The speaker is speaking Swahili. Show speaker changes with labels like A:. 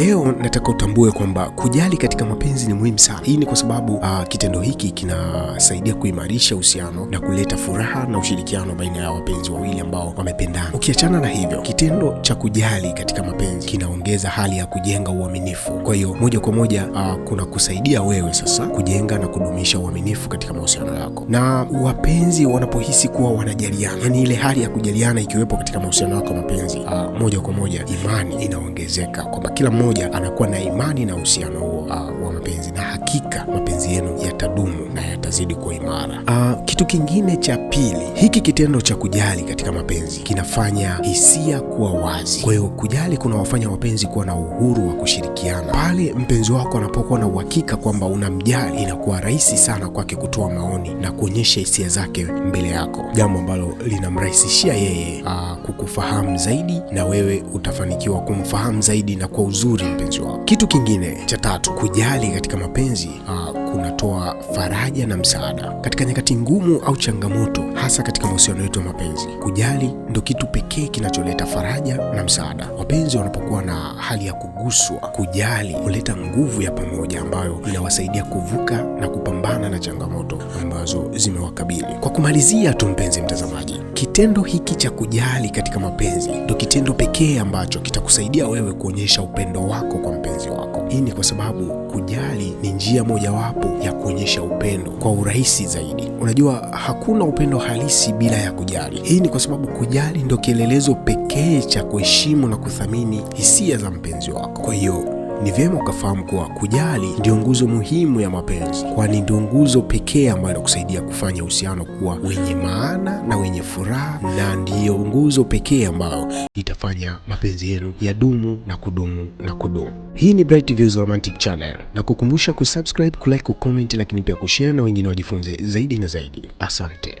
A: Leo nataka utambue kwamba kujali katika mapenzi ni muhimu sana. Hii ni kwa sababu uh, kitendo hiki kinasaidia kuimarisha uhusiano na kuleta furaha na ushirikiano baina ya wapenzi wawili ambao wamependana. Ukiachana na hivyo, kitendo cha kujali katika mapenzi kinaongeza hali ya kujenga uaminifu. Kwa hiyo moja kwa moja uh, kuna kusaidia wewe sasa kujenga na kudumisha uaminifu katika mahusiano yako, na wapenzi wanapohisi kuwa wanajaliana, yani ile hali ya kujaliana ikiwepo katika mahusiano yako mapenzi, uh, moja kwa moja imani inaongezeka kwamba kila mmoja anakuwa na imani na uhusiano huo ah, wa mapenzi, na hakika mapenzi yenu yatadumu inazidi kuwa imara. Uh, kitu kingine cha pili, hiki kitendo cha kujali katika mapenzi kinafanya hisia kuwa wazi. Kwa hiyo kujali kunawafanya wapenzi kuwa na uhuru wa kushirikiana. Pale mpenzi wako anapokuwa na uhakika kwamba unamjali, inakuwa rahisi sana kwake kutoa maoni na kuonyesha hisia zake mbele yako, jambo ambalo linamrahisishia yeye uh, kukufahamu zaidi na wewe utafanikiwa kumfahamu zaidi na kwa uzuri mpenzi wako. Kitu kingine cha tatu, kujali katika mapenzi uh, kunatoa faraja na msaada katika nyakati ngumu au changamoto, hasa katika mahusiano yetu ya mapenzi. Kujali ndo kitu pekee kinacholeta faraja na msaada. Wapenzi wanapokuwa na hali ya kuguswa, kujali huleta nguvu ya pamoja ambayo inawasaidia kuvuka na kupambana na changamoto ambazo zimewakabili. Kwa kumalizia tu, mpenzi mtazamaji, kitendo hiki cha kujali katika mapenzi ndo kitendo pekee ambacho kitakusaidia wewe kuonyesha upendo wako kwa mpenzi wako. Hii ni kwa sababu kujali ni njia mojawapo ya kuonyesha upendo kwa urahisi zaidi. Unajua, hakuna upendo halisi bila ya kujali. Hii ni kwa sababu kujali ndo kielelezo pekee cha kuheshimu na kuthamini hisia za mpenzi wako. Kwa hiyo ni vyema ukafahamu kuwa kujali ndio nguzo muhimu ya mapenzi, kwani ndio nguzo pekee ambayo inakusaidia kufanya uhusiano kuwa wenye maana na wenye furaha na ndiyo nguzo pekee ambayo itafanya mapenzi yenu ya dumu na kudumu na kudumu.
B: Hii ni Bright Views Romantic Channel, na kukumbusha kusubscribe, kulike, kucomment, lakini pia kushare na wengine wajifunze zaidi na zaidi. Asante.